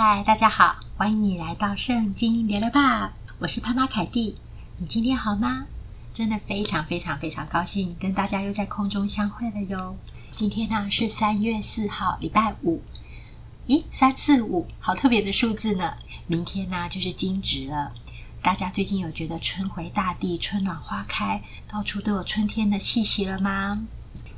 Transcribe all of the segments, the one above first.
嗨，大家好，歡迎你來到聖經聊聊吧。我是潘媽凱蒂，你今天好嗎？真的非常非常非常高興跟大家又在空中相會了喲。今天呢、啊、是三月四號，禮拜五。咦，三四五，好特別的數字呢。明天呢、啊、就是驚蟄了。大家最近有覺得春回大地、春暖花開，到處都有春天的氣息了嗎？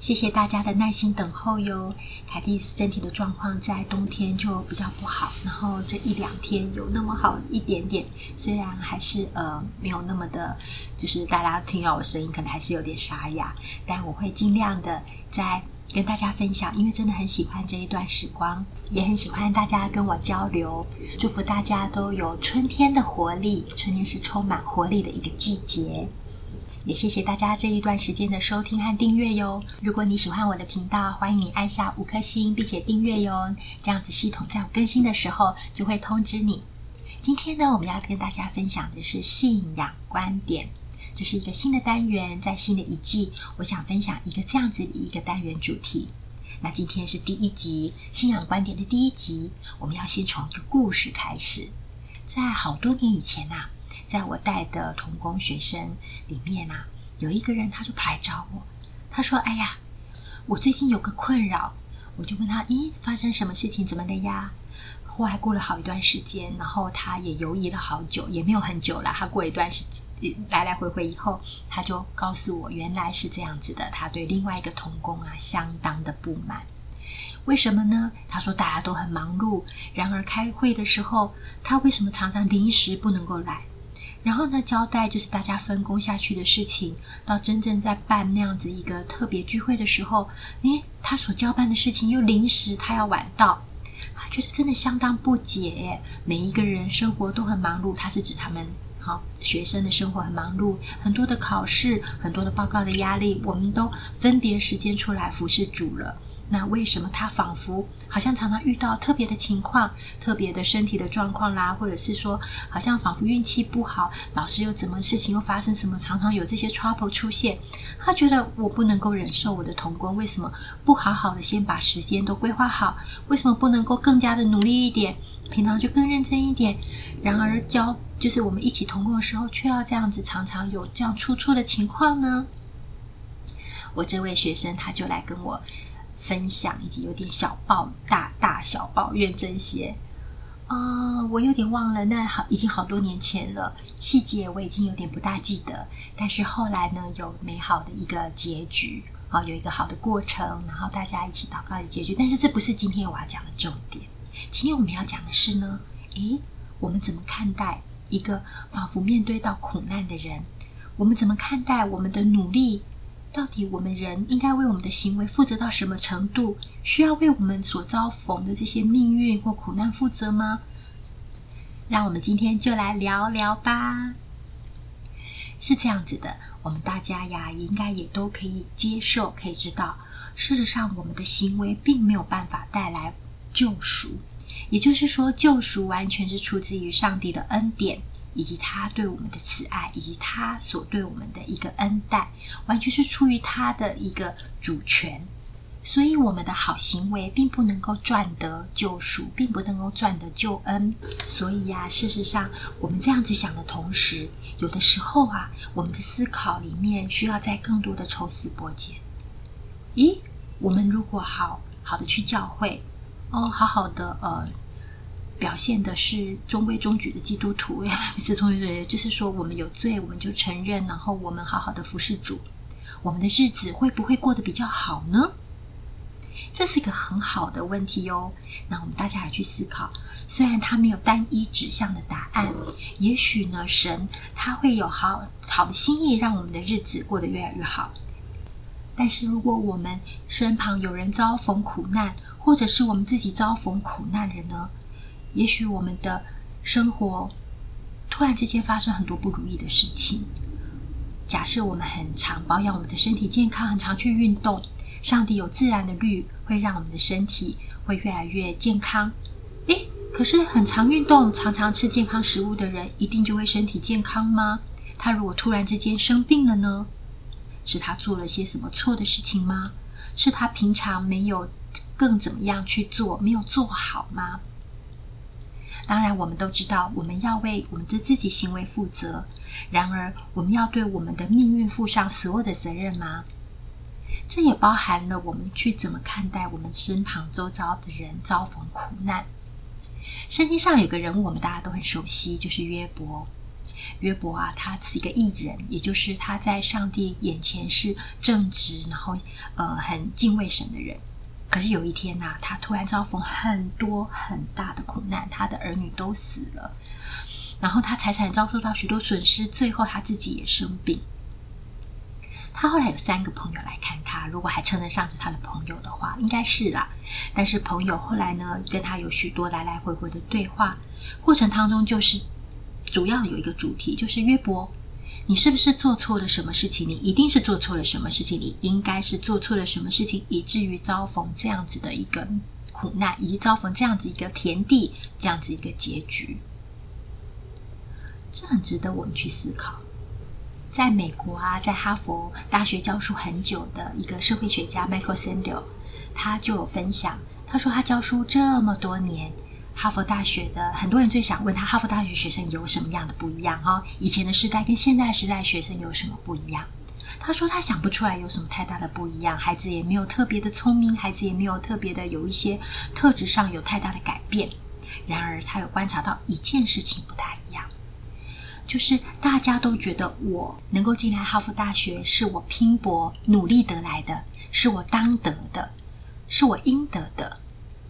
謝謝大家的耐心等候喲。凱蒂斯身體的狀況在冬天就比較不好，然後這一兩天有那麼好一點點，雖然還是呃沒有那麼的，就是大家聽到我聲音可能還是有點沙啞，但我會儘量的在跟大家分享，因為真的很喜歡這一段時光，也很喜歡大家跟我交流。祝福大家都有春天的活力，春天是充滿活力的一個季節。也謝謝大家這一段時間的收聽和訂閱喲。如果你喜歡我的頻道，歡迎你按下五顆星並且訂閱喲。這樣子系統在我更新的時候就會通知你。今天呢，我們要跟大家分享的是信仰觀點，這是一個新的單元，在新的一季，我想分享一個這樣子的一個單元主題。那今天是第一集信仰觀點的第一集，我們要先從一個故事開始。在好多年以前吶、啊。在我帶的同工學生裡面吶、啊，有一個人他就跑來找我，他說：“哎呀，我最近有個困擾。”我就問他：“咦，發生什麼事情？怎麼的呀？”後來過了好一段時間，然後他也猶豫了好久，也沒有很久了。他過一段時間，來來回回以後，他就告訴我，原來是這樣子的。他對另外一個同工啊，相當的不滿。為什麼呢？他說：“大家都很忙碌，然而開會的時候，他為什麼常常臨時不能夠來？”然後呢，交代就是大家分工下去的事情。到真正在辦那樣子一個特別聚會的時候，誒，他所交辦的事情又臨時他要晚到，他、啊、覺得真的相當不解。每一個人生活都很忙碌，他是指他們好、哦、學生的生活很忙碌，很多的考試，很多的報告的壓力，我們都分別時間出來服侍主了。那為什麼他仿佛好像常常遇到特別的情況、特別的身體的狀況啦，或者是說好像仿佛運氣不好，老是又怎麼事情又發生什麼，常常有這些 trouble 出現。他覺得我不能夠忍受我的同工，為什麼不好好的先把時間都規劃好？為什麼不能夠更加的努力一點，平常就更認真一點？然而教就是我們一起同工的時候，卻要這樣子常常有這樣出錯的情況呢？我這位學生他就來跟我。分享，以及有點小抱，大大小抱怨這些，啊，uh，我有點忘了，那好，已經好多年前了，細節我已經有點不大記得。但是後來呢，有美好的一個結局，啊，有一個好的過程，然後大家一起禱告的結局。但是這不是今天我要講的重點。今天我們要講的是呢，誒，我們怎麼看待一個仿佛面對到苦難的人？我們怎麼看待我們的努力？到底我們人應該為我們的行為負責到什麼程度？需要為我們所遭逢的這些命運或苦難負責嗎？讓我們今天就來聊聊吧。是這樣子的，我們大家呀，應該也都可以接受，可以知道，事實上我們的行為並沒有辦法帶來救贖，也就是說，救贖完全是出自於上帝的恩典。以及他對我們的慈愛，以及他所對我們的一個恩待，完全是出於他的一個主權。所以，我們的好行為並不能夠賺得救贖，並不能夠賺得救恩。所以呀、啊，事實上，我們這樣子想的同時，有的時候啊，我們的思考裡面需要再更多的抽絲剝繭。咦，我們如果好好的去教會，哦，好好的呃。表現的是中規中矩的基督徒，是從就是說，我們有罪，我們就承認，然後我們好好的服侍主，我們的日子會不會過得比較好呢？這是一個很好的問題喲、哦。那我們大家還去思考，雖然它沒有單一指向的答案，也許呢，神他會有好好的心意，讓我們的日子過得越來越好。但是，如果我們身旁有人遭逢苦難，或者是我們自己遭逢苦難的人呢？也許我們的生活突然之間發生很多不如意的事情。假設我們很常保養我們的身體健康，很常去運動，上帝有自然的律會讓我們的身體會越來越健康。誒，可是很常運動、常常吃健康食物的人，一定就會身體健康嗎？他如果突然之間生病了呢？是他做了些什麼錯的事情嗎？是他平常沒有更怎麼樣去做，沒有做好嗎？當然，我們都知道我們要為我們的自己行為負責。然而，我們要對我們的命運負上所有的責任嗎？這也包含了我們去怎麼看待我們身旁周遭的人遭逢苦難。聖經上有個人物，我們大家都很熟悉，就是約伯。約伯啊，他是一個義人，也就是他在上帝眼前是正直，然後呃，很敬畏神的人。可是有一天吶、啊，他突然遭逢很多很大的苦難，他的兒女都死了，然後他財產遭受到許多損失，最後他自己也生病。他後來有三個朋友來看他，如果還稱得上是他的朋友的話，應該是啦、啊。但是朋友後來呢，跟他有許多來來回回的對話，過程當中就是主要有一個主題，就是約伯。你是不是做錯了什麼事情？你一定是做錯了什麼事情？你應該是做錯了什麼事情，以至於遭逢這樣子的一個苦難，以及遭逢這樣子一個田地，這樣子一個結局。這很值得我們去思考。在美國啊，在哈佛大學教書很久的一個社會學家 Michael Sandel，他就有分享，他說他教書這麼多年。哈佛大學的很多人最想問他：哈佛大學學生有什麼樣的不一樣哦？哈，以前的時代跟現在時代學生有什麼不一樣？他說他想不出來有什麼太大的不一樣，孩子也沒有特別的聰明，孩子也沒有特別的有一些特質上有太大的改變。然而，他有觀察到一件事情不太一樣，就是大家都覺得我能夠進來哈佛大學是我拼搏努力得來的，是我當得的，是我應得的。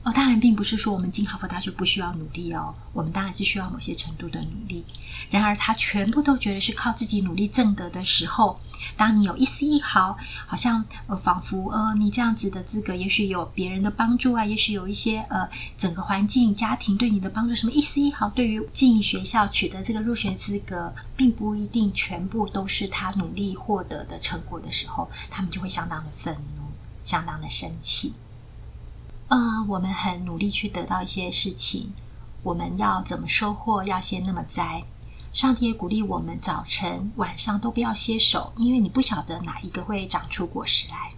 哦，當然並不是說我們進哈佛大學不需要努力哦，我們當然是需要某些程度的努力。然而，他全部都覺得是靠自己努力掙得的時候，當你有一絲一毫，好像呃仿佛呃你這樣子的資格，也許有別人的幫助啊，也許有一些呃整個環境、家庭對你的幫助，什麼一絲一毫，對於進學校取得這個入學資格，並不一定全部都是他努力獲得的成果的時候，他們就會相當的憤怒，相當的生氣。呃、嗯，我們很努力去得到一些事情，我們要怎麼收穫，要先那麼栽。上帝也鼓勵我們，早晨晚上都不要歇手，因為你不曉得哪一個會長出果實來。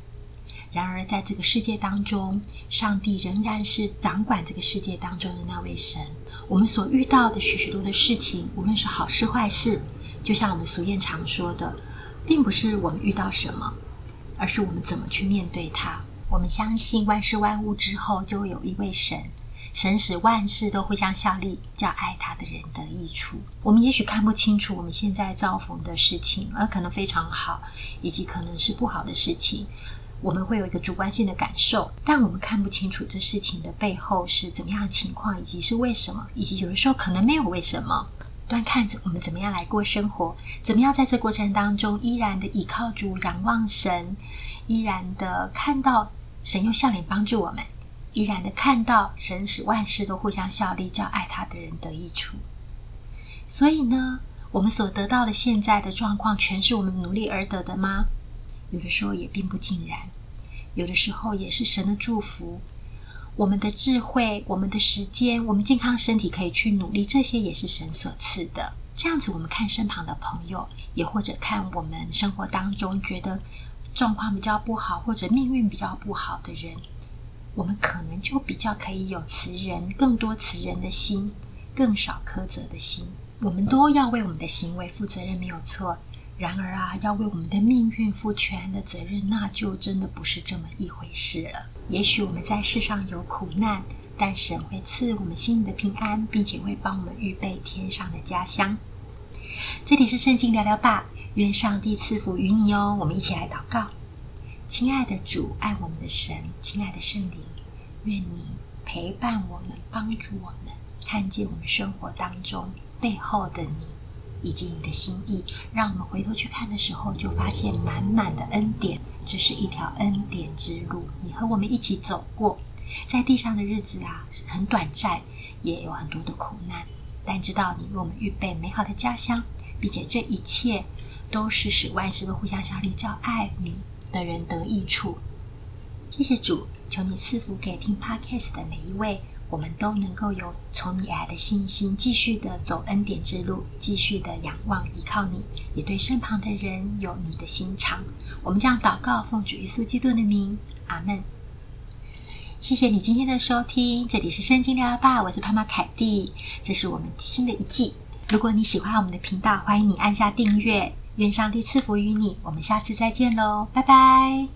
然而，在這個世界當中，上帝仍然是掌管這個世界當中的那位神。我們所遇到的許許多多的事情，無論是好事壞事，就像我們俗諺常說的，並不是我們遇到什麼，而是我們怎麼去面對它。我們相信萬事萬物之後，就會有一位神，神使萬事都互相效力，叫愛他的人得益處。我們也許看不清楚我們現在遭逢的事情，而可能非常好，以及可能是不好的事情，我們會有一個主觀性的感受，但我們看不清楚這事情的背後是怎麼樣的情況，以及是為什麼，以及有的時候可能沒有為什麼。端看着我們怎麼樣來過生活，怎麼樣在這過程當中依然的倚靠主，仰望神，依然的看到。神用笑臉幫助我們，依然的看到神使萬事都互相效力，叫愛他的人得益處。所以呢，我們所得到的現在的狀況，全是我們努力而得的嗎？有的時候也並不盡然，有的時候也是神的祝福。我們的智慧、我們的時間、我們健康身體可以去努力，這些也是神所賜的。這樣子，我們看身旁的朋友，也或者看我們生活當中覺得。狀況比較不好，或者命運比較不好的人，我們可能就比較可以有慈人、更多慈人的心，更少苛責的心。我們都要為我們的行為負責任，沒有錯。然而啊，要為我們的命運負全的責任，那就真的不是這麼一回事了。也許我們在世上有苦難，但神會賜我們心裡的平安，並且會幫我們預備天上的家鄉。這裡是聖經聊聊吧。願上帝賜福於你哦！我們一起來禱告，親愛的主，愛我們的神，親愛的聖靈，願你陪伴我們，幫助我們，看見我們生活當中背後的你以及你的心意。讓我們回頭去看的時候，就發現滿滿的恩典。這是一條恩典之路，你和我們一起走過。在地上的日子啊，很短暫，也有很多的苦難，但知道你為我們預備美好的家鄉，並且這一切，都是使萬事都互相效力，叫愛你的人得益處。謝謝主，求你賜福給聽 Podcast 的每一位，我們都能夠有從你來的信心，繼續的走恩典之路，繼續的仰望、依靠你，也對身旁的人有你的心腸。我們這樣禱告，奉主耶穌基督的名，阿門。謝謝你今天的收聽，這裡是聖經聊聊吧，我是帕瑪凱蒂，這是我們新的一季。如果你喜歡我們的頻道，歡迎你按下訂閱。願上帝賜福於你，我們下次再見嘍，拜拜。